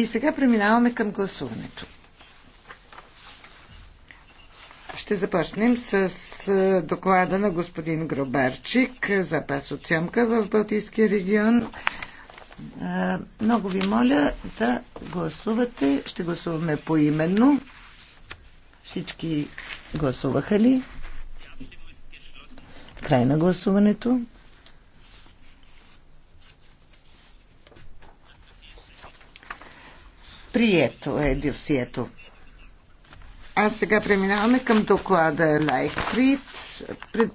И сега преминаваме към гласуването. Ще започнем с доклада на господин Гробарчик за пас от Сямка в Балтийския регион. Много ви моля да гласувате. Ще гласуваме поименно. Всички гласуваха ли? Край на гласуването. Прието е досието. А сега преминаваме към доклада Лайкфрид. Пред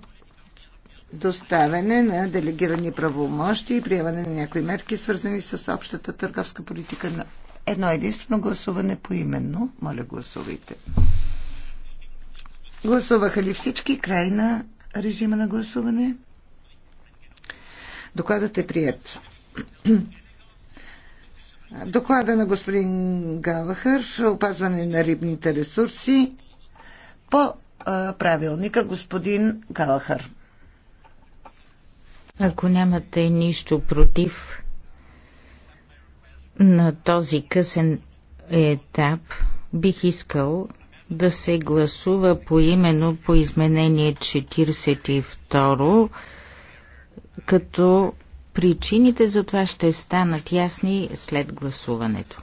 доставяне на делегирани правомощи и приемане на някои мерки, свързани с общата търговска политика на едно единствено гласуване по именно. Моля, гласувайте. Гласуваха ли всички? Край на режима на гласуване. Докладът е прият. Доклада на господин Галахър опазване на рибните ресурси по правилника господин Галахър. Ако нямате нищо против на този късен етап, бих искал да се гласува по именно по изменение 42, като Причините за това ще станат ясни след гласуването.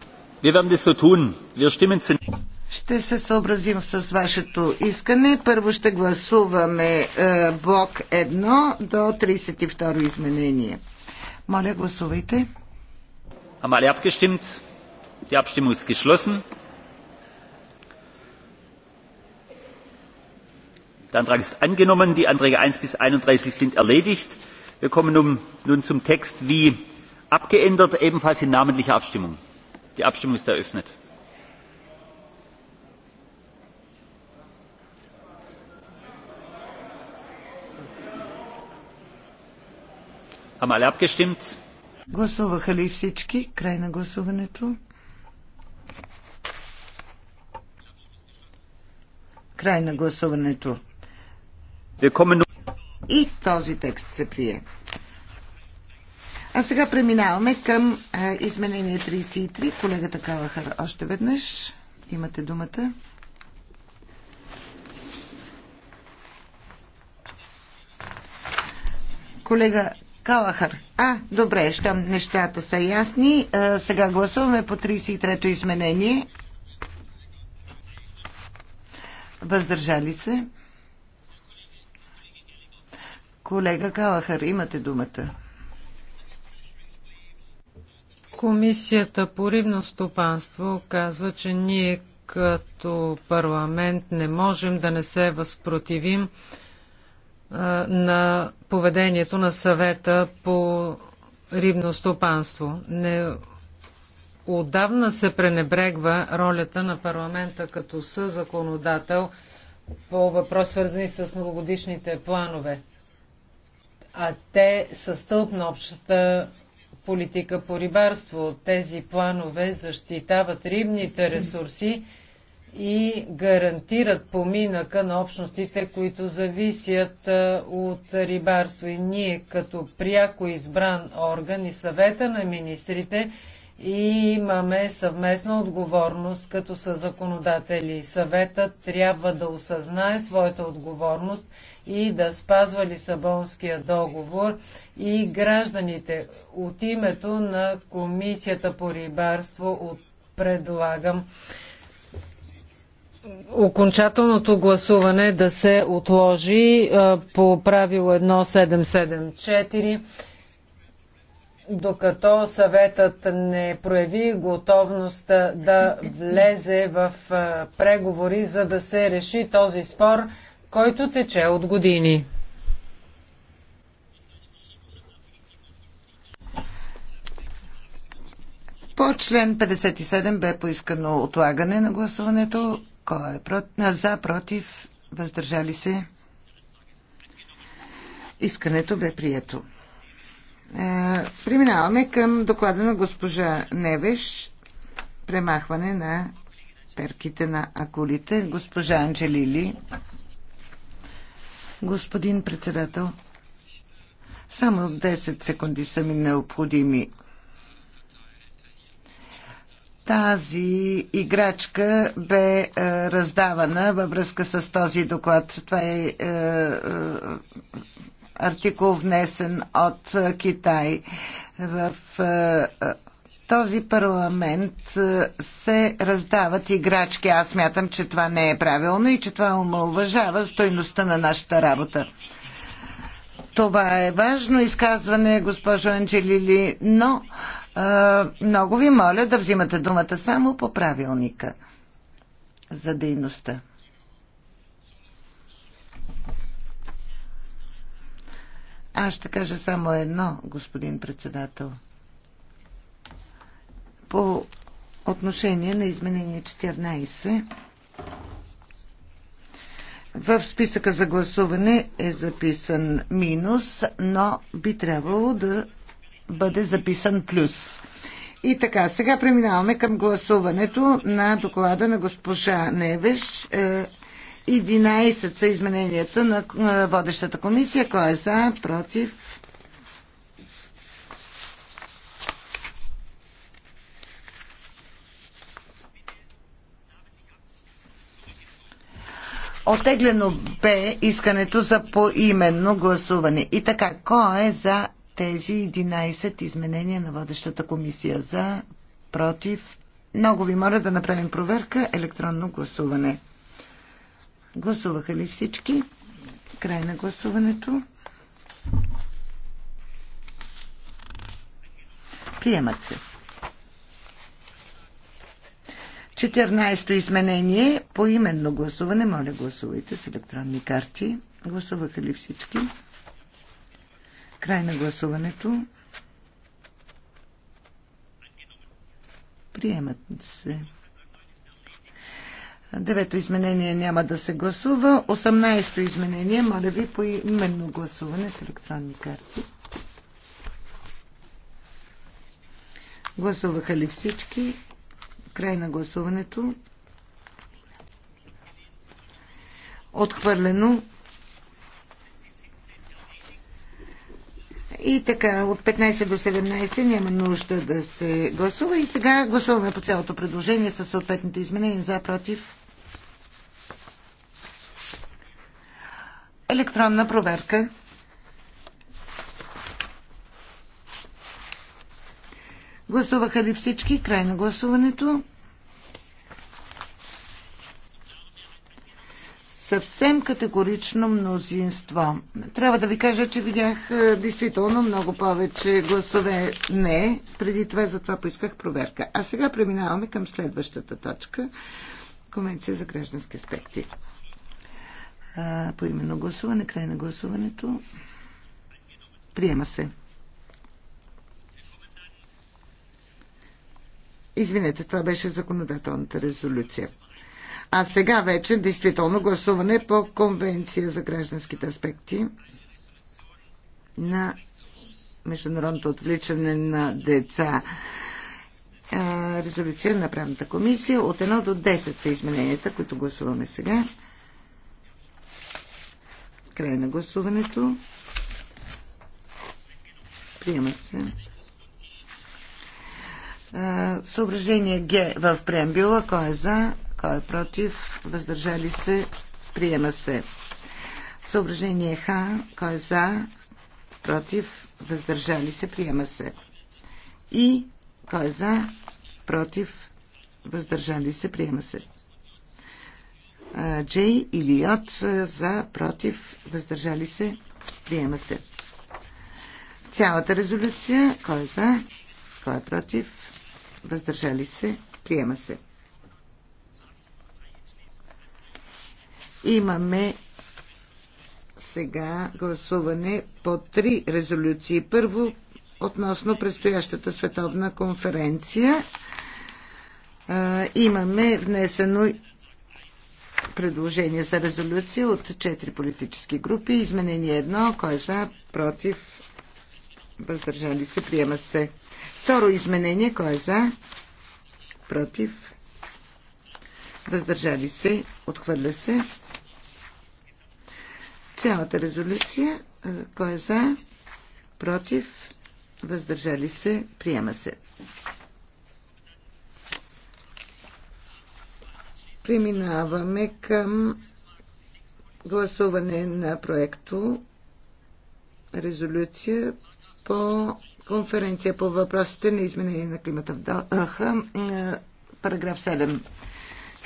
Ще се съобразим с вашето искане. Първо ще гласуваме е, блок 1 до 32 изменение. Моля, гласувайте. Haben alle abgestimmt? Die Abstimmung ist geschlossen. Der Antrag ist angenommen. Die Anträge 1 bis 31 sind erledigt wir kommen nun zum text wie abgeändert ebenfalls in namentlicher abstimmung. die abstimmung ist eröffnet. haben alle abgestimmt? И този текст се прие. А сега преминаваме към а, е, изменение 33. Колегата Калахар още веднъж. Имате думата. Колега Калахар. А, добре, щом нещата са ясни. А, е, сега гласуваме по 33-то изменение. Въздържали се. Колега Калахар, имате думата. Комисията по рибно стопанство казва, че ние като парламент не можем да не се възпротивим а, на поведението на съвета по рибно стопанство. Не отдавна се пренебрегва ролята на парламента като съзаконодател по въпрос свързани с многогодишните планове а те са стълб на общата политика по рибарство. Тези планове защитават рибните ресурси и гарантират поминъка на общностите, които зависят от рибарство. И ние като пряко избран орган и съвета на министрите и имаме съвместна отговорност като са законодатели. Съветът трябва да осъзнае своята отговорност – и да спазва Лисабонския договор и гражданите. От името на Комисията по рибарство предлагам окончателното гласуване да се отложи по правило 1774 докато съветът не прояви готовност да влезе в преговори, за да се реши този спор който тече от години. По член 57 бе поискано отлагане на гласуването. Кой е прот... за, против, въздържали се? Искането бе прието. Е, преминаваме към доклада на госпожа Невеш. Премахване на перките на акулите. Госпожа Анджелили. Господин председател, само 10 секунди са ми необходими. Тази играчка бе е, раздавана във връзка с този доклад. Това е, е, е артикул внесен от е, Китай в е, този парламент е, се раздават играчки. Аз мятам, че това не е правилно и че това омалуважава стойността на нашата работа. Това е важно изказване, госпожо Анджелили, но а, е, много ви моля да взимате думата само по правилника за дейността. Аз ще кажа само едно, господин председател по отношение на изменение 14. В списъка за гласуване е записан минус, но би трябвало да бъде записан плюс. И така, сега преминаваме към гласуването на доклада на госпожа Невеш. 11 е, са измененията на водещата комисия. Кой е за, против, Отеглено бе искането за поименно гласуване. И така, кой е за тези 11 изменения на водещата комисия? За, против? Много ви моля да направим проверка електронно гласуване. Гласуваха ли всички? Край на гласуването. Приемат се. 14-то изменение по именно гласуване. Моля, гласувайте с електронни карти. Гласуваха ли всички? Край на гласуването. Приемат се. Девето изменение няма да се гласува. 18-то изменение, моля ви, по именно гласуване с електронни карти. Гласуваха ли всички? Край на гласуването. Отхвърлено. И така, от 15 до 17 няма нужда да се гласува. И сега гласуваме по цялото предложение с съответното изменение за против. Електронна проверка. Гласуваха ли всички? Край на гласуването. съвсем категорично мнозинство. Трябва да ви кажа, че видях е, действително много повече гласове не. Преди това затова поисках проверка. А сега преминаваме към следващата точка. Конвенция за граждански аспекти. Е, По именно гласуване, край на гласуването. Приема се. Извинете, това беше законодателната резолюция. А сега вече действително гласуване по Конвенция за гражданските аспекти на международното отвличане на деца. Е, резолюция на правната комисия. От 1 до 10 са измененията, които гласуваме сега. Край на гласуването. Приемат се. Съображение Г в преамбюла. Кой е за? Кой е против? Въздържали се? Приема се. Съображение Х. Кой е за? Против? Въздържали се? Приема се. И кой е за? Против? Въздържали се? Приема се. Джей или Йот за, против, въздържали се, приема се. Цялата резолюция, кой е за, кой е против, въздържали се, приема се. Имаме сега гласуване по три резолюции. Първо, относно предстоящата световна конференция. Имаме внесено предложение за резолюция от четири политически групи. Изменение едно. Кой е за? Против? Въздържали се? Приема се. Второ изменение, кой е за? Против. Въздържали се, отхвърля се. Цялата резолюция, е, кой е за? Против. Въздържали се, приема се. Преминаваме към гласуване на проекто резолюция по конференция по въпросите на изменение на климата в Даха, параграф 7,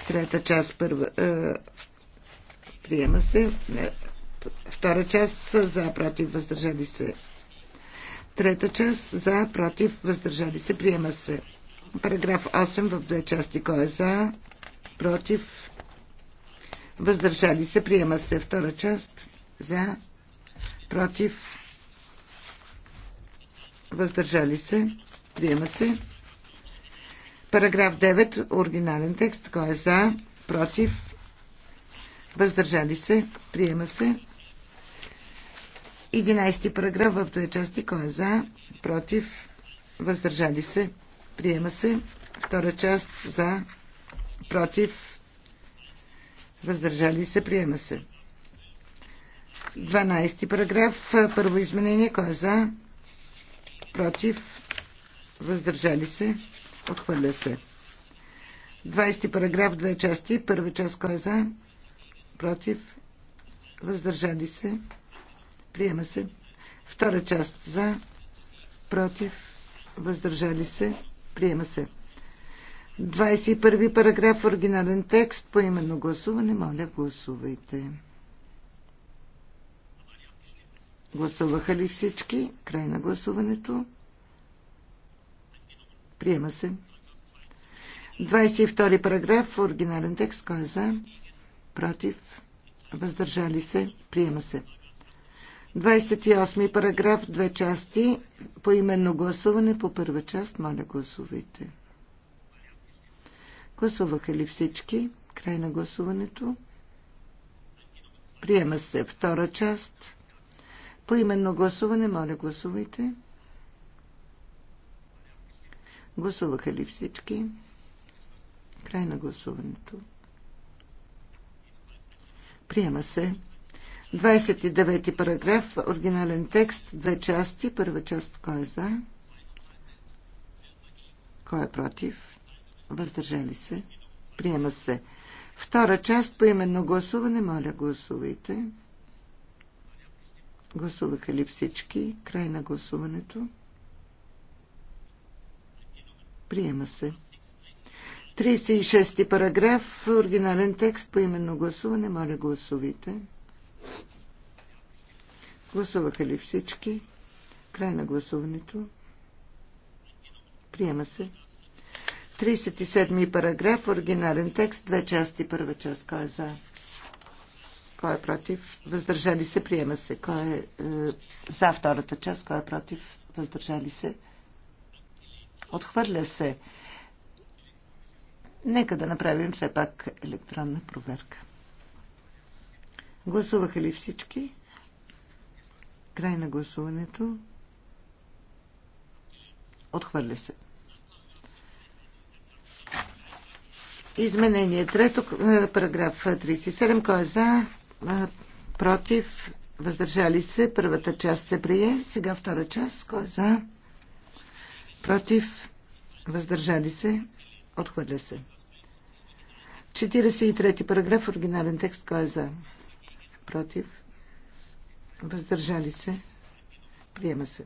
трета част, първа, приема се, втора част за, против, въздържали се. Трета част за, против, въздържали се, приема се. Параграф 8 в две части. Кой е за, против, въздържали се, приема се. Втора част за, против, въздържали се, приема се. Параграф 9, оригинален текст, кой е за, против, въздържали се, приема се. 11 параграф в две части, кой е за, против, въздържали се, приема се. Втора част за, против, въздържали се, приема се. 12 параграф, първо изменение, кой е за, против, въздържали се, отхвърля се. 20 параграф, две части. Първа част кой е за? Против, въздържали се, приема се. Втора част за, против, въздържали се, приема се. 21 параграф, оригинален текст, по именно гласуване, моля гласувайте. Гласуваха ли всички? Край на гласуването. Приема се. 22 параграф, оригинален текст. Кой е за? Против? Въздържали се? Приема се. 28 параграф, две части. По именно гласуване по първа част. Моля, гласувайте. Гласуваха ли всички? Край на гласуването. Приема се втора част. По именно гласуване, моля гласувайте. Гласуваха ли всички? Край на гласуването. Приема се. 29 ти параграф, оригинален текст, две части. Първа част, кой е за? Кой е против? Въздържали се? Приема се. Втора част, по именно гласуване, моля гласувайте. Гласуваха ли всички? Край на гласуването. Приема се. 36 параграф, оригинален текст по именно гласуване. Моля, гласувайте. Гласуваха ли всички? Край на гласуването. Приема се. 37 параграф, оригинален текст, две части, първа част. Кой е за? Кой е против? Въздържали се. Приема се. Кой е, е за втората част? Кой е против? Въздържали се. Отхвърля се. Нека да направим все пак електронна проверка. Гласуваха ли всички? Край на гласуването. Отхвърля се. Изменение трето, е, параграф 37. Кой е за? против, въздържали се. Първата част се прие. Сега втора част. Кой е за? Против, въздържали се. Отхвърля се. 43 параграф, оригинален текст. Кой е за? Против. Въздържали се. Приема се.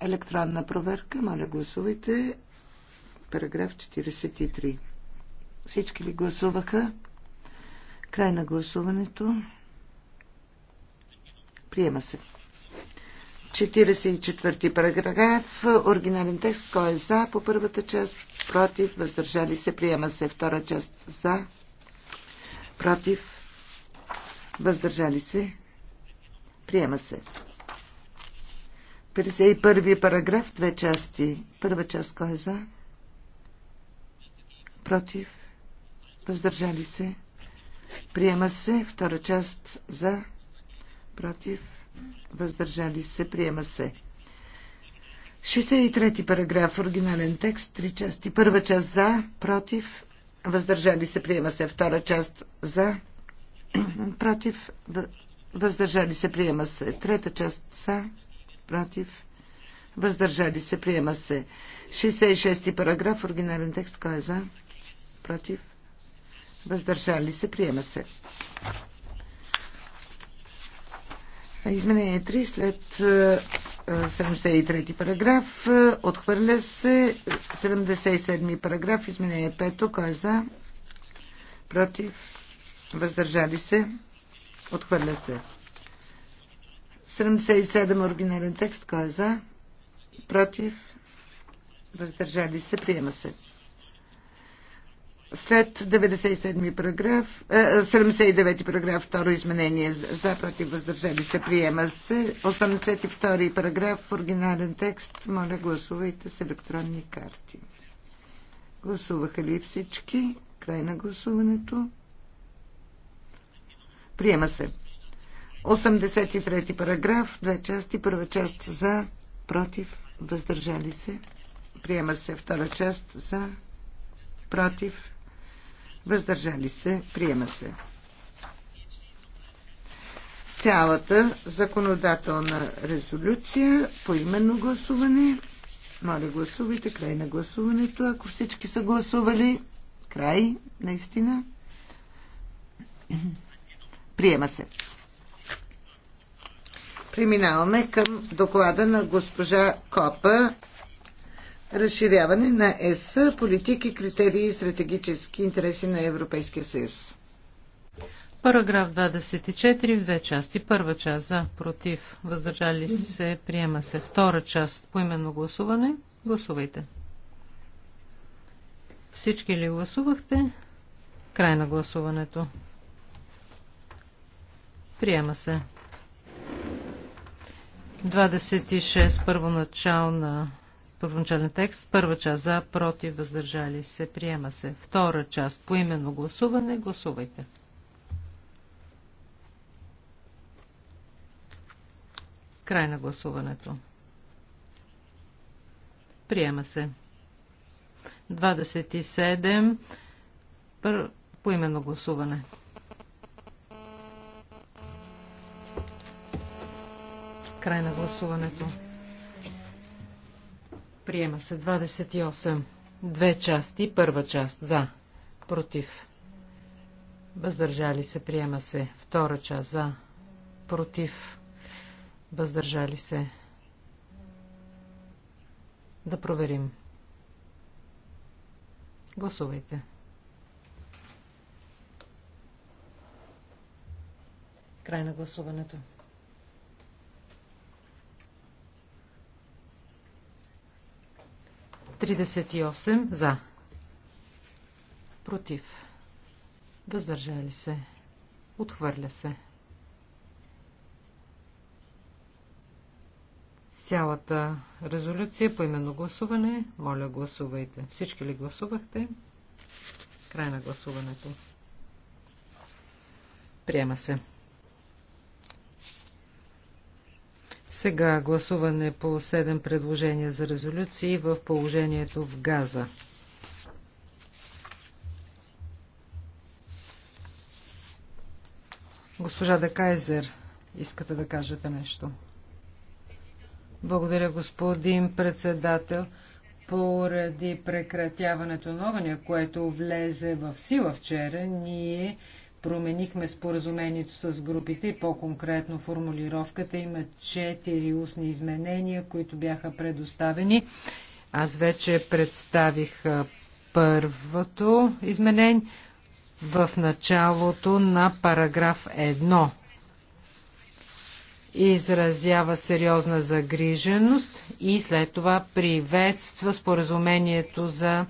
Електронна проверка. Моля, гласувайте. Параграф 43. Всички ли гласуваха? Край на гласуването. Приема се. 44 параграф, оригинален текст, кой е за по първата част, против, въздържали се, приема се втора част за, против, въздържали се, приема се. 51 параграф, две части. Първа част, кой е за? Против въздържали се, приема се. Втора част за, против, въздържали се, приема се. 63 параграф, оригинален текст, три части. Първа част за, против, въздържали се, приема се. Втора част за, против, въздържали се, приема се. Трета част за, против, въздържали се, приема се. 66 параграф, оригинален текст, кой е за, против, въздържали се, приема се. Изменение 3 след 73 е, е, параграф. Е, отхвърля се 77 параграф. Изменение 5. Кой е за? Против? Въздържали се? Отхвърля се. 77 оригинален текст. Кой е за? Против? Въздържали се? Приема се. След 97 параграф, 79 е, е, параграф, второ изменение за против въздържали се приема се. 82 и параграф, оригинален текст. Моля, гласувайте с електронни карти. Гласуваха ли всички? Край на гласуването. Приема се. 83 параграф, две части. Първа част за, против, въздържали се. Приема се втора част за, против, въздържали се, приема се. Цялата законодателна резолюция по именно гласуване. Моля, гласувайте. Край на гласуването. Ако всички са гласували, край, наистина. Приема се. Преминаваме към доклада на госпожа Копа разширяване на ЕС, политики, критерии и стратегически интереси на Европейския съюз. Параграф 24 в две части. Първа част за, против, въздържали се, приема се. Втора част по именно гласуване. Гласувайте. Всички ли гласувахте? Край на гласуването. Приема се. 26 първоначална първоначален текст. Първа част за, против, въздържали се, приема се. Втора част по именно гласуване. Гласувайте. Край на гласуването. Приема се. 27. Пър... По именно гласуване. Край на гласуването. Приема се 28. Две части. Първа част. За. Против. Въздържали се. Приема се. Втора част. За. Против. Въздържали се. Да проверим. Гласувайте. Край на гласуването. 38 за. Против. Въздържали се. Отхвърля се. Цялата резолюция по именно гласуване. Моля, гласувайте. Всички ли гласувахте? Край на гласуването. Приема се. Сега гласуване по 7 предложения за резолюции в положението в Газа. Госпожа Декайзер, искате да кажете нещо? Благодаря, господин председател. Поради прекратяването на огъня, което влезе в сила вчера, ние променихме споразумението с групите и по-конкретно формулировката. Има четири устни изменения, които бяха предоставени. Аз вече представих първото изменение в началото на параграф 1 изразява сериозна загриженост и след това приветства споразумението за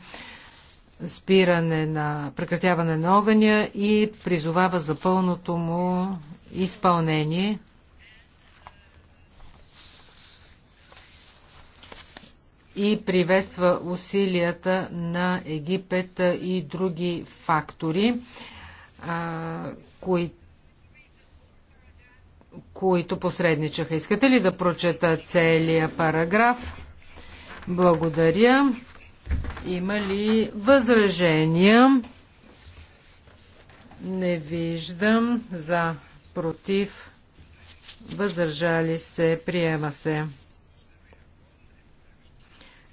спиране на прекратяване на огъня и призовава за пълното му изпълнение. и приветства усилията на Египет и други фактори, а, кои, които посредничаха. Искате ли да прочета целия параграф? Благодаря. Има ли възражения? Не виждам. За, против, въздържали се, приема се.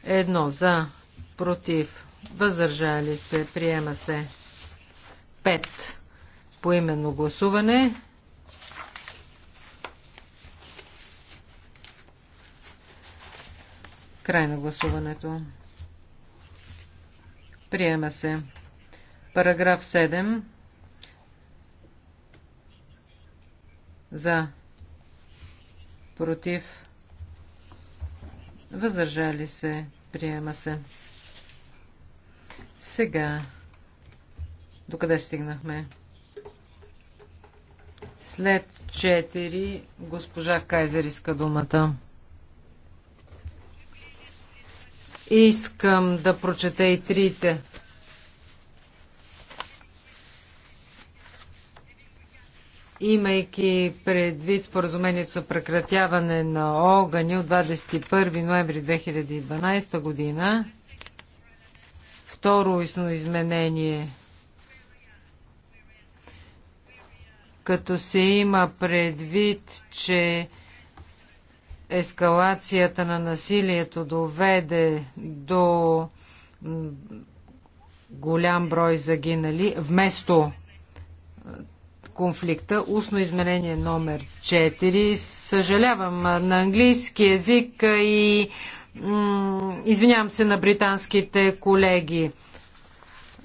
Едно за, против, въздържали се, приема се. Пет. Поименно гласуване. Край на гласуването. Приема се. Параграф 7. За. Против. Въздържали се. Приема се. Сега. Докъде стигнахме? След 4 госпожа Кайзер иска думата. Искам да прочета и трите. Имайки предвид споразумението за прекратяване на огъни от 21 ноември 2012 година, второ изменение като се има предвид, че ескалацията на насилието доведе до голям брой загинали, вместо конфликта, устно изменение номер 4. Съжалявам на английски язик и извинявам се на британските колеги.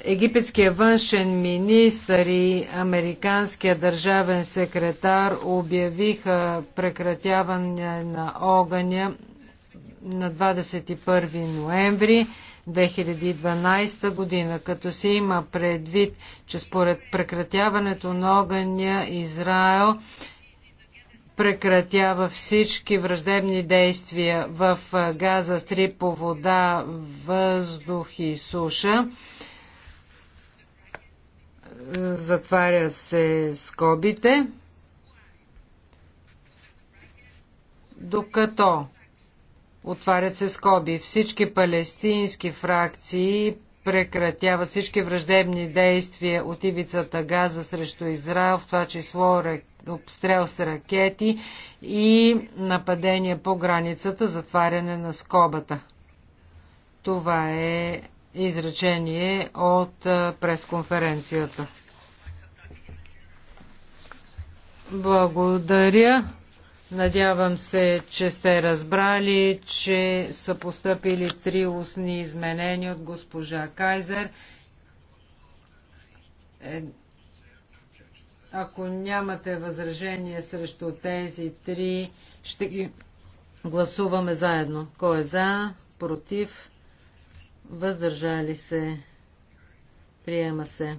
Египетският външен министр и американския държавен секретар обявиха прекратяване на огъня на 21 ноември 2012 година, като се има предвид, че според прекратяването на огъня Израел прекратява всички враждебни действия в Газа, Стрип по вода, въздух и суша затваря се скобите, докато отварят се скоби. Всички палестински фракции прекратяват всички враждебни действия от ивицата Газа срещу Израел, в това число обстрел с ракети и нападение по границата, затваряне на скобата. Това е изречение от пресконференцията. Благодаря. Надявам се, че сте разбрали, че са поступили три устни изменения от госпожа Кайзер. Е, ако нямате възражение срещу тези три, ще ги гласуваме заедно. Кой е за, против? въздържали се, приема се.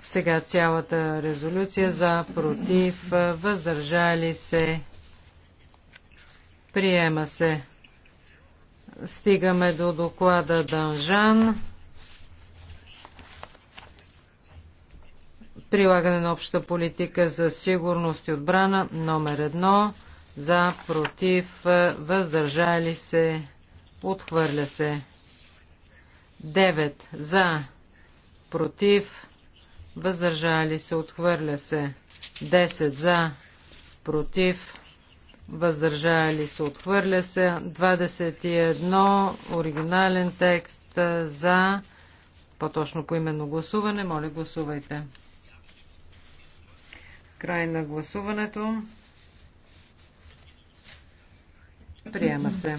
Сега цялата резолюция за, против, въздържали се, приема се. Стигаме до доклада Данжан. Прилагане на обща политика за сигурност и отбрана номер едно за, против, въздържали се, Отхвърля се. 9 за. Против. Въздържали се. Отхвърля се. 10 за. Против. Въздържали се. Отхвърля се. 21. Оригинален текст за. По-точно по именно гласуване. Моля, гласувайте. Край на гласуването. Приема се.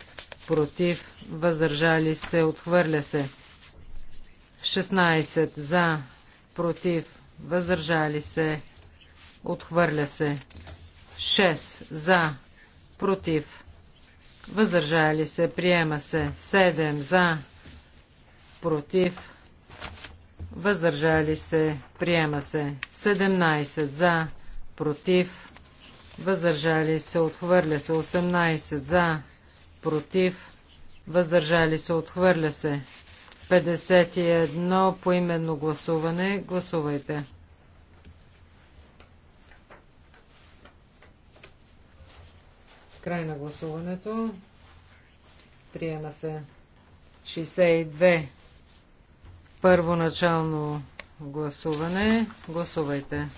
против, въздържали се, отхвърля се. 16 за, против, въздържали се, отхвърля се. 6 за, против, въздържали се, приема се. 7 за, против, въздържали се, приема се. 17 за, против, въздържали се, отхвърля се. 18 за, против, въздържали се, отхвърля се. 51 по именно гласуване. Гласувайте. Край на гласуването. Приема се 62. Първоначално гласуване. Гласувайте.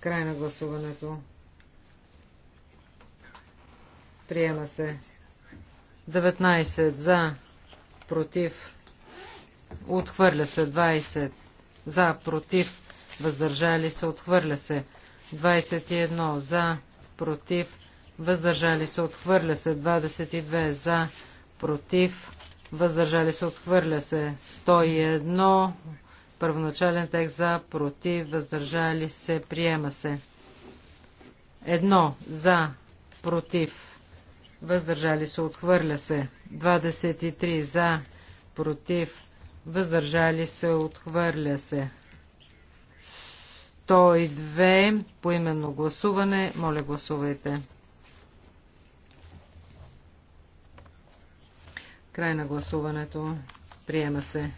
Край на гласуването. Приема се. 19 за, против, отхвърля се. 20 за, против, въздържали се, отхвърля се. 21 за, против, въздържали се, отхвърля се. 22 за, против, въздържали се, отхвърля се. 101 първоначален текст за, против, въздържали се, приема се. 1 за, против, въздържали се, отхвърля се. 23 за, против, въздържали се, отхвърля се. 102 по именно гласуване. Моля, гласувайте. Край на гласуването. Приема се.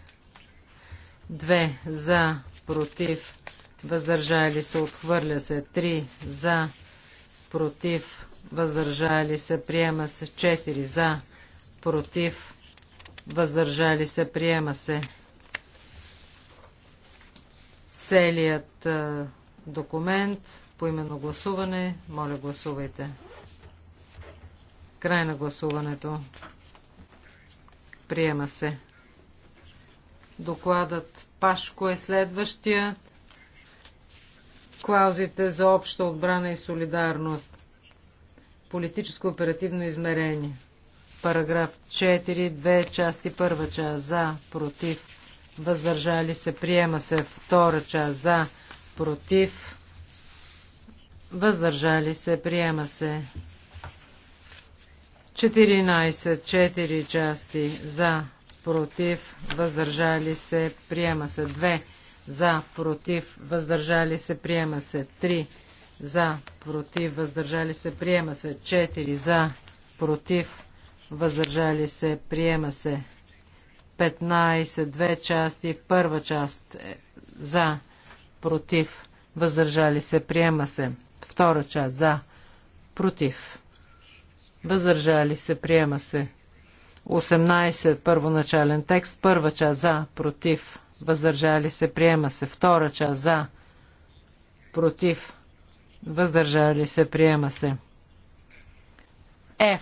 2 за, против, въздържали се, отхвърля се. 3 за, против, въздържали се, приема се 4 за, против, въздържали се, приема се целият документ по именно гласуване. Моля, гласувайте. Край на гласуването. Приема се. Докладът Пашко е следващия. Клаузите за обща отбрана и солидарност политическо оперативно измерение. Параграф 4, две части, първа част за, против, въздържали се, приема се, втора част за, против, въздържали се, приема се. 14, 4 части за, против, въздържали се, приема се. 2 за, против, въздържали се, приема се. 3 за, против, въздържали се, приема се. 4 за, против, въздържали се, приема се. 15, две части, първа част е, за, против, въздържали се, приема се. Втора част за, против, въздържали се, приема се. 18, първоначален текст, първа част за, против, въздържали се, приема се. Втора част за, против, въздържали се, приема се. F.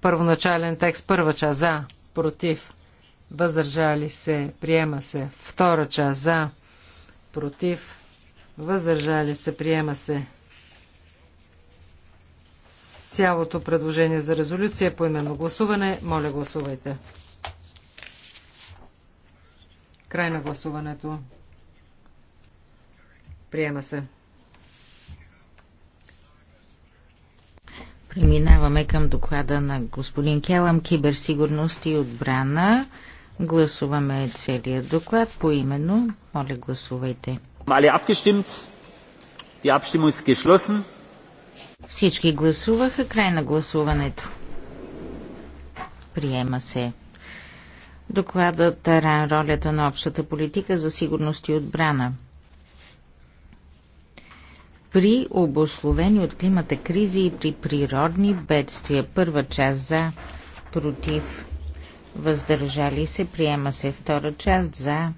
Първоначален текст, първа част, за, против, въздържали се, приема се. Втора част, за, против, въздържали се, приема се. Цялото предложение за резолюция по именно гласуване, моля гласувайте. Край на гласуването. Приема се. Преминаваме към доклада на господин Келам Киберсигурност и отбрана. Гласуваме целия доклад по именно. Моля, гласувайте. Всички гласуваха. Край на гласуването. Приема се. Докладът ролята на общата политика за сигурност и отбрана при обословени от климата кризи и при природни бедствия. Първа част за, против, въздържали се, приема се. Втора част за,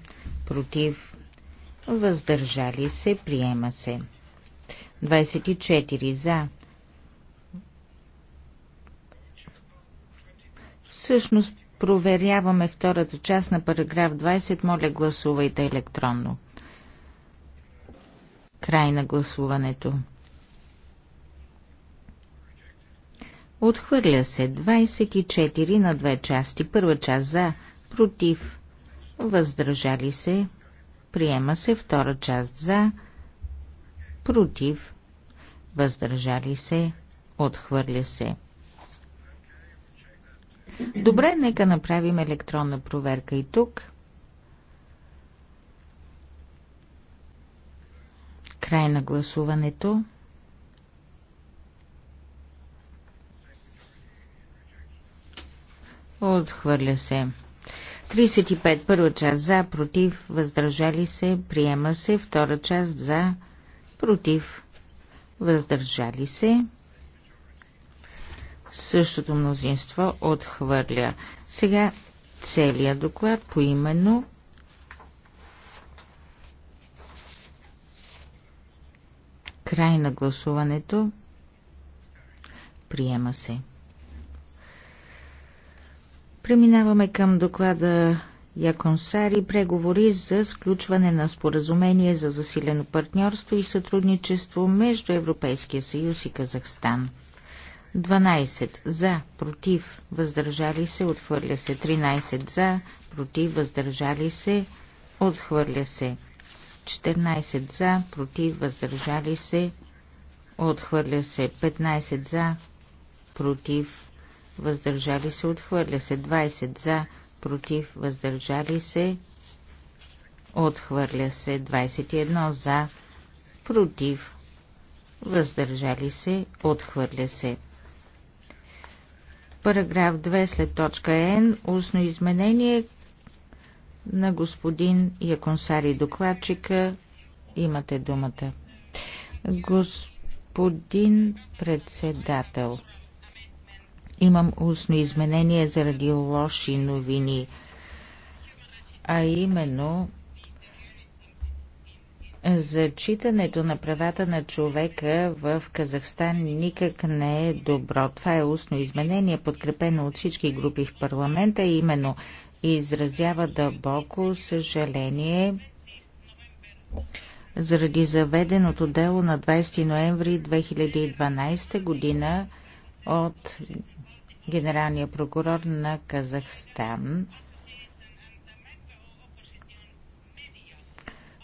против, въздържали се, приема се. 24 за. Всъщност проверяваме втората част на параграф 20. Моля гласувайте електронно. Край на гласуването. Отхвърля се 24 на две части. Първа част за, против, въздържали се. Приема се втора част за, против, въздържали се, отхвърля се. Добре, нека направим електронна проверка и тук. Край на гласуването. Отхвърля се. 35. Първа част за, против, въздържали се, приема се. Втора част за, против, въздържали се. Същото мнозинство отхвърля. Сега целият доклад по именно Край на гласуването. Приема се. Преминаваме към доклада Яконсари преговори за сключване на споразумение за засилено партньорство и сътрудничество между Европейския съюз и Казахстан. 12 за, против, въздържали се, отхвърля се. 13 за, против, въздържали се, отхвърля се. 14 за, против, въздържали се, отхвърля се 15 за, против, въздържали се, отхвърля се 20 за, против, въздържали се, отхвърля се 21 за, против, въздържали се, отхвърля се. Параграф 2 след точка Н, устно изменение на господин Яконсари докладчика. Имате думата. Господин председател, имам устно изменение заради лоши новини, а именно Зачитането на правата на човека в Казахстан никак не е добро. Това е устно изменение, подкрепено от всички групи в парламента, именно изразява дълбоко съжаление заради заведеното дело на 20 ноември 2012 година от генералния прокурор на Казахстан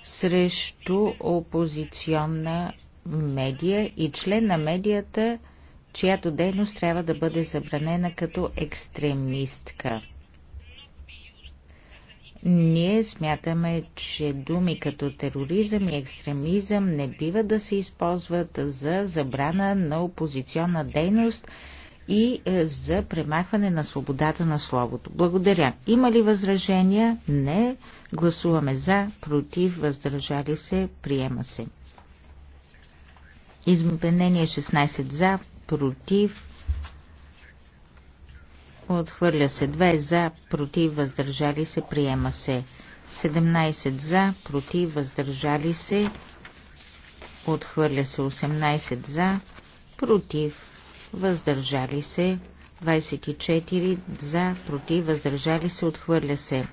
срещу опозиционна медия и член на медията, чиято дейност трябва да бъде забранена като екстремистка. Ние смятаме, че думи като тероризъм и екстремизъм не бива да се използват за забрана на опозиционна дейност и е, за премахване на свободата на словото. Благодаря. Има ли възражения? Не. Гласуваме за, против, въздържали се, приема се. Изменение 16 за, против, Отхвърля се 2 за, против, въздържали се, приема се. 17 за, против, въздържали се. Отхвърля се 18 за, против, въздържали се. 24 за, против, въздържали се, отхвърля се.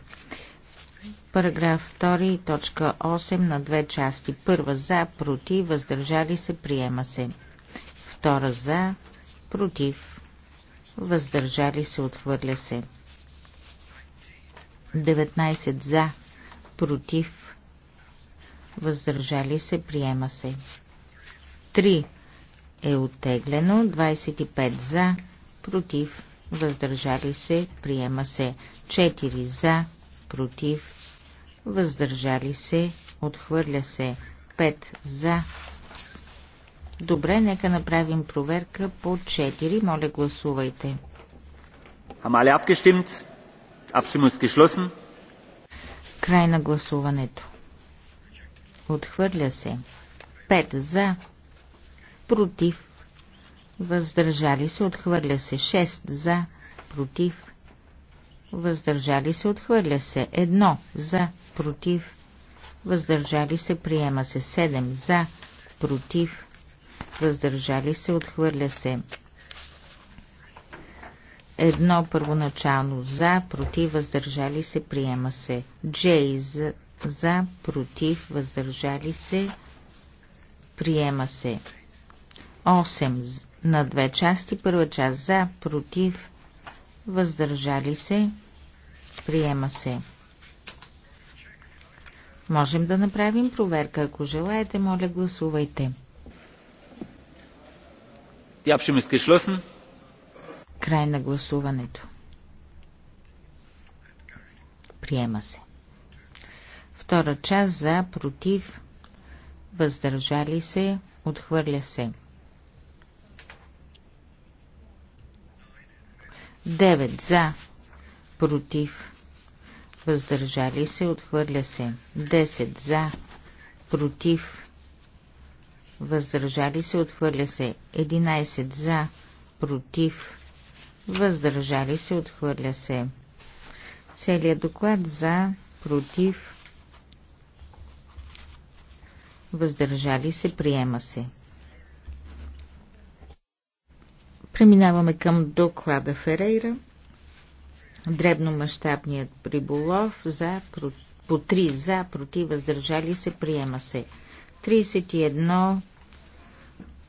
Параграф 2, точка 8 на две части. Първа за, против, въздържали се, приема се. Втора за, против, въздържали се, отхвърля се. 19 за, против, въздържали се, приема се. 3 е оттеглено, 25 за, против, въздържали се, приема се. 4 за, против, въздържали се, отхвърля се. 5 за, Добре, нека направим проверка по 4. Моля, гласувайте. Haben geschlossen. Край на гласуването. Отхвърля се. 5 за. Против. Въздържали се. Отхвърля се. 6 за. Против. Въздържали се. Отхвърля се. 1 за. Против. Въздържали се. Приема се. 7 за. Против въздържали се, отхвърля се. Едно първоначално за, против, въздържали се, приема се. Джей за, за, против, въздържали се, приема се. 8 на две части. Първа част за, против, въздържали се, приема се. Можем да направим проверка. Ако желаете, моля гласувайте. Die Abstimmung ist geschlossen. Край на гласуването. Приема се. Втора част за, против, въздържали се, отхвърля се. 9 за, против, въздържали се, отхвърля се. 10 за, против, въздържали се, отхвърля се 11 за, против, въздържали се, отхвърля се. Целият доклад за, против, въздържали се, приема се. Преминаваме към доклада Ферейра. Дребномащабният приболов за, по 3 за, против, въздържали се, приема се. 31,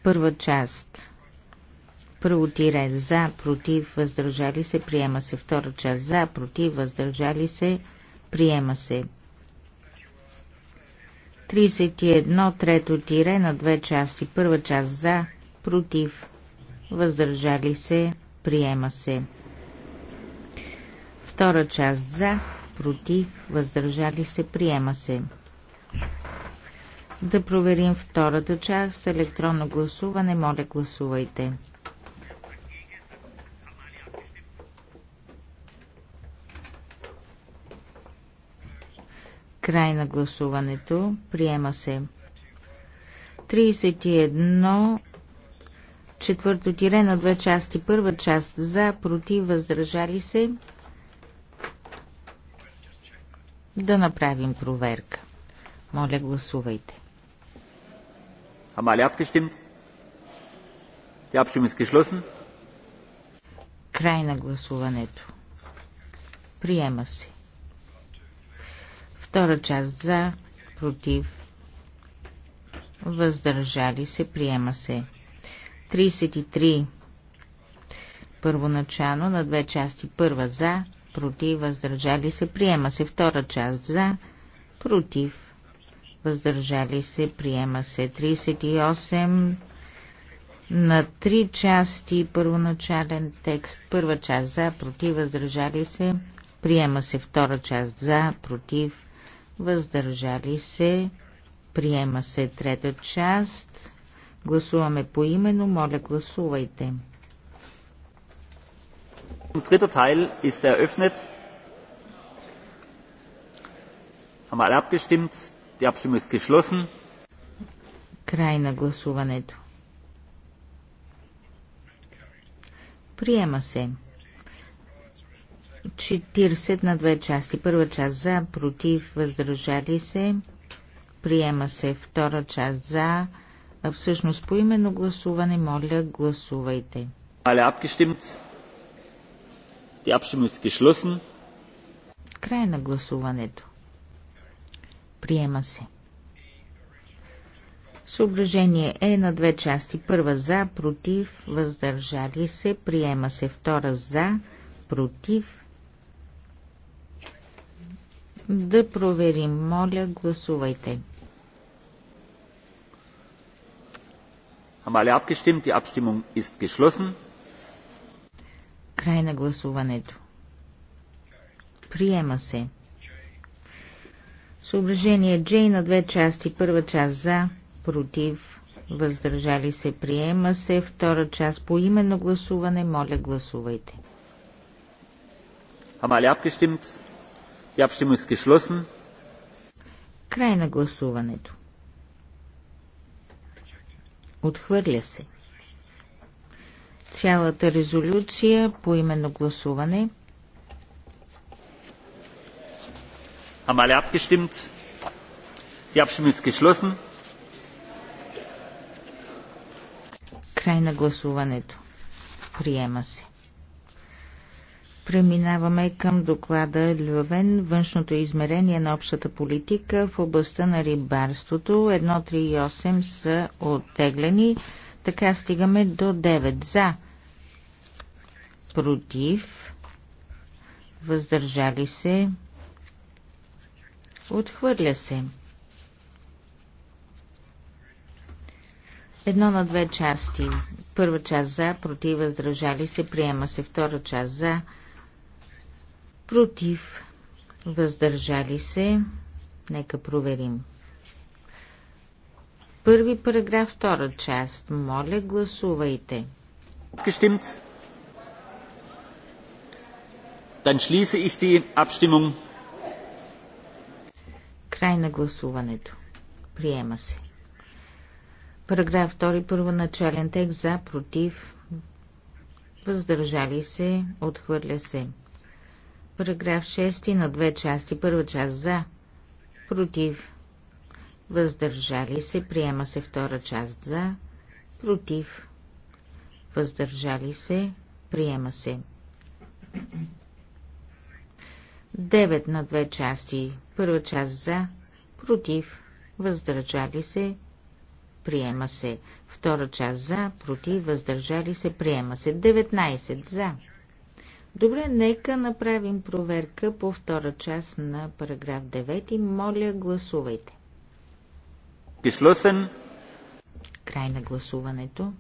първа част. Първо тире за, против, въздържали се, приема се. Втора част за, против, въздържали се, приема се. 31, трето тире на две части. Първа част за, против, въздържали се, приема се. Втора част за, против, въздържали се, приема се. Да проверим втората част. Електронно гласуване. Моля, гласувайте. Край на гласуването. Приема се. 31 четвърто тире на две части. Първа част за, против, въздържали се. Да направим проверка. Моля, гласувайте haben alle abgestimmt? die abstimmung ist geschlossen. край на гласуването. Приема се. Втора част за, против, въздържали се, приема се. 33. Първоначално на две части. Първа за, против, въздържали се, приема се. Втора част за, против, въздържали се, приема се 38 на три части първоначален текст. Първа част за, против, въздържали се, приема се втора част за, против, въздържали се, приема се трета част. Гласуваме по имено. моля гласувайте. Dritter Teil ist eröffnet. Haben alle abgestimmt? Край на гласуването. Приема се. 40 на две части. Първа част за, против, въздържали се. Приема се втора част за. А всъщност по именно гласуване, моля, гласувайте. Але abgestimmt. Ти Abstimmung ist Край на гласуването. Приема се. Съображение е на две части. Първа за, против, въздържали се, приема се. Втора за, против. Да проверим. Моля, гласувайте. Амали abgestimmt? ти Abstimmung ист geschlossen. Край на гласуването. Приема се. Съображение J на две части. Първа част за, против, въздържали се, приема се. Втора част по именно гласуване. Моля, гласувайте. Haben alle Край на гласуването. Отхвърля се. Цялата резолюция по именно гласуване. haben alle abgestimmt? die abstimmung ist geschlossen. край на гласуването. Приема се. Преминаваме към доклада Львен, външното измерение на общата политика в областта на рибарството. 1, 3 и 8 са оттеглени. Така стигаме до 9. За. Против. Въздържали се. Отхвърля се. Едно на две части. Първа част за, против, въздържали се, приема се. Втора част за, против, въздържали се. Нека проверим. Първи параграф, втора част. Моля, гласувайте. Gestimmt. Dann schließe ich die Abstimmung. Край на гласуването. Приема се. Параграф 2. Първоначален текст за, против, въздържали се, отхвърля се. Параграф 6 на две части. Първа част за, против, въздържали се, приема се втора част за, против, въздържали се, приема се. 9 на две части. Първа част за, против, въздържали се, приема се. Втора част за, против, въздържали се, приема се. 19 за. Добре, нека направим проверка по втора част на параграф 9. и Моля, гласувайте. Кислосен. Край на гласуването.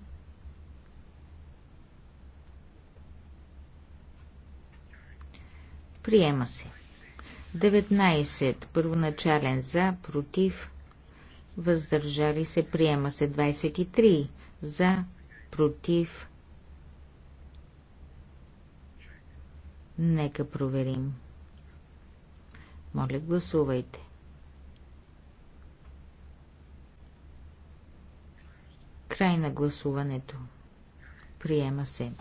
Приема се. 19. Първоначален за, против, въздържали се. Приема се. 23. За, против. Нека проверим. Моля, гласувайте. Край на гласуването. Приема се.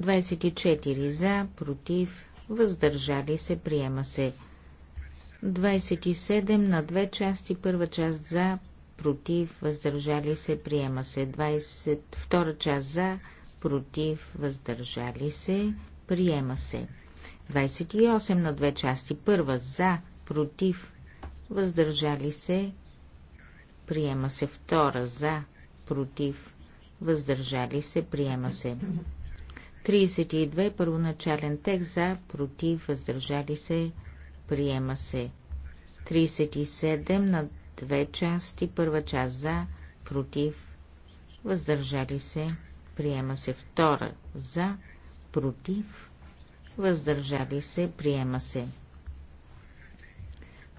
24 за, против, въздържали се, приема се. 27 на две части, първа част за, против, въздържали се, приема се. 20, втора част за, против, въздържали се, приема се. 28 на две части, първа за, против, въздържали се, приема се. Втора за, против, въздържали се, приема се. 32. Първоначален текст за, против, въздържали се, приема се. 37 на две части. Първа част за, против, въздържали се, приема се. Втора за, против, въздържали се, приема се.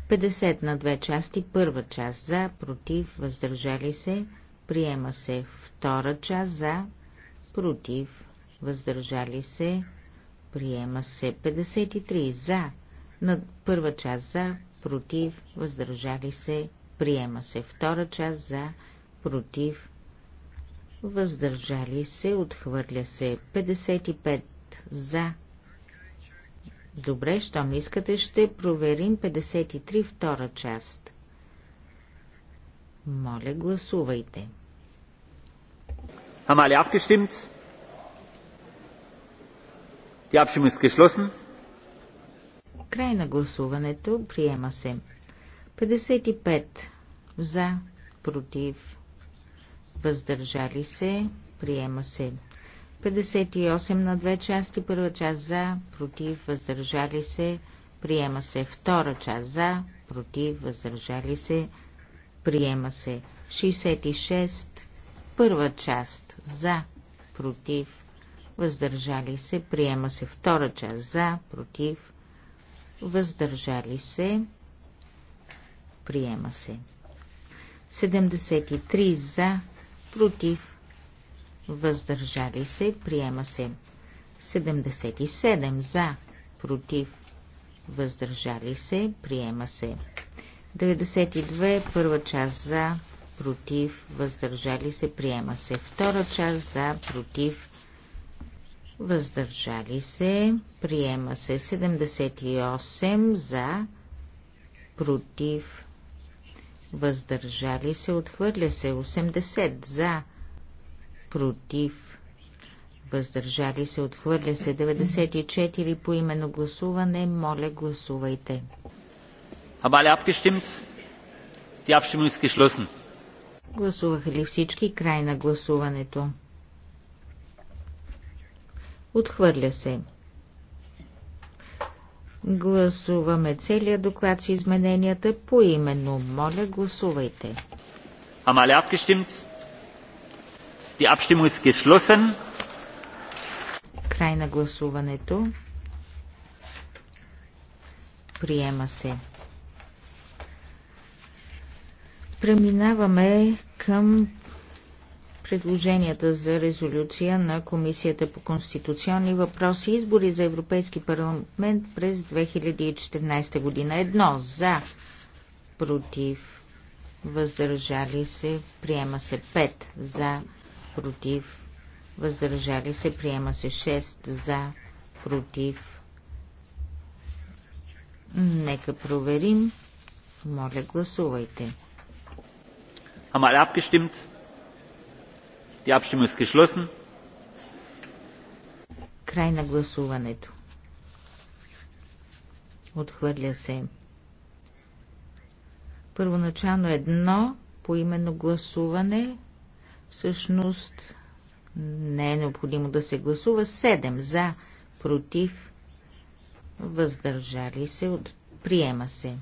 50 на две части. Първа част за, против, въздържали се, приема се. Втора част за, против, въздържали се, приема се 53 за, на първа част за, против, въздържали се, приема се втора част за, против, въздържали се, отхвърля се 55 за. Добре, щом искате, ще проверим 53 втора част. Моля, гласувайте. Haben alle abgestimmt? Die Abstimmung ist geschlossen. Край на гласуването. Приема се. 55 за, против, въздържали се. Приема се. 58 на две части. Първа част за, против, въздържали се. Приема се. Втора част за, против, въздържали се. Приема се. 66. Първа част за, против, въздържали се, приема се втора част за, против, въздържали се, приема се. 73 за, против, въздържали се, приема се. 77 за, против, въздържали се, приема се. 92 първа част за, против, въздържали се, приема се. Втора част за, против, въздържали се, приема се 78 за, против, въздържали се, отхвърля се 80 за, против, въздържали се, отхвърля се 94 по имено гласуване, моля гласувайте. Haben alle abgestimmt? Die Abstimmung ist Гласуваха ли всички край на гласуването? Отхвърля се. Гласуваме целия доклад с измененията по именно. Моля, гласувайте. Амали alle abgestimmt? Die е скишлюсен. geschlossen. Край на гласуването. Приема се. Преминаваме към предложенията за резолюция на Комисията по конституционни въпроси избори за Европейски парламент през 2014 година. Едно за, против, въздържали се, приема се 5 за, против, въздържали се, приема се 6 за, против. Нека проверим. Моля, гласувайте. Haben alle abgestimmt? Die Abstimmung ist geschlossen. Край на гласуването. Отхвърля се. Първоначално едно по именно гласуване. Всъщност не е необходимо да се гласува. 7 за, против, въздържали се, от... приема се.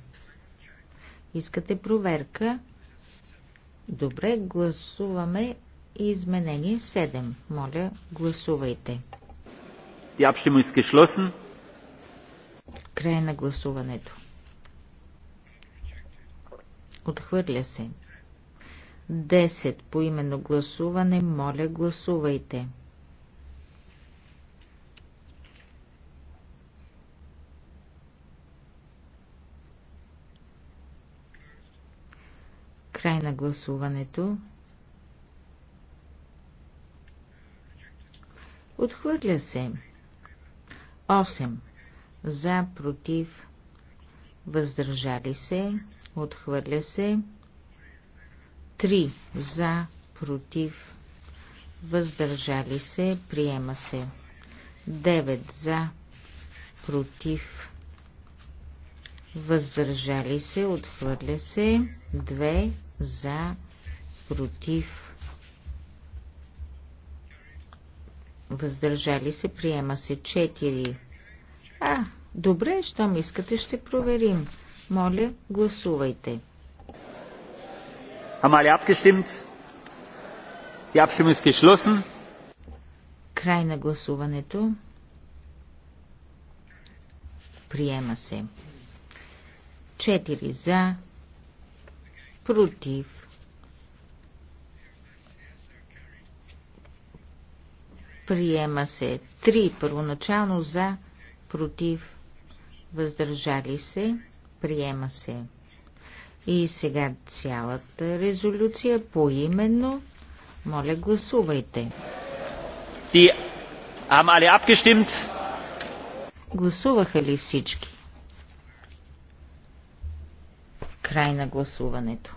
Искате проверка? Добре, гласуваме изменение 7. Моля, гласувайте. Край на гласуването. Отхвърля се. 10. По именно гласуване, моля, гласувайте. Край на гласуването. Отхвърля се. 8. За, против, въздържали се. Отхвърля се. 3. За, против, въздържали се. Приема се. 9. За, против, въздържали се. Отхвърля се. 2. За, против, въздържали се, приема се 4. А, добре, щом искате, ще проверим. Моля, гласувайте. Haben alle abgestimmt? Die Abstimmung ist geschlossen. Край на гласуването. Приема се. 4 за, против, Приема се Три. първоначално за, против, въздържали се. Приема се. И сега цялата резолюция поименно. Моля, гласувайте. Ти амали alle Гласуваха ли всички? Край на гласуването.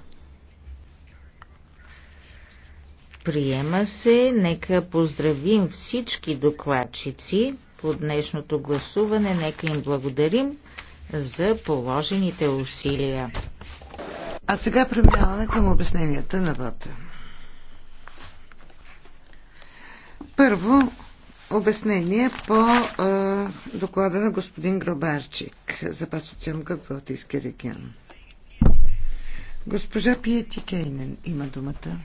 Приема се. Нека поздравим всички докладчици по днешното гласуване. Нека им благодарим за положените усилия. А сега преминаваме към обясненията на ВАТА. Първо, обяснение по е, доклада на господин Гробарчик за пасоционка в Балтийския регион. Госпожа Пиети Кейнен има думата.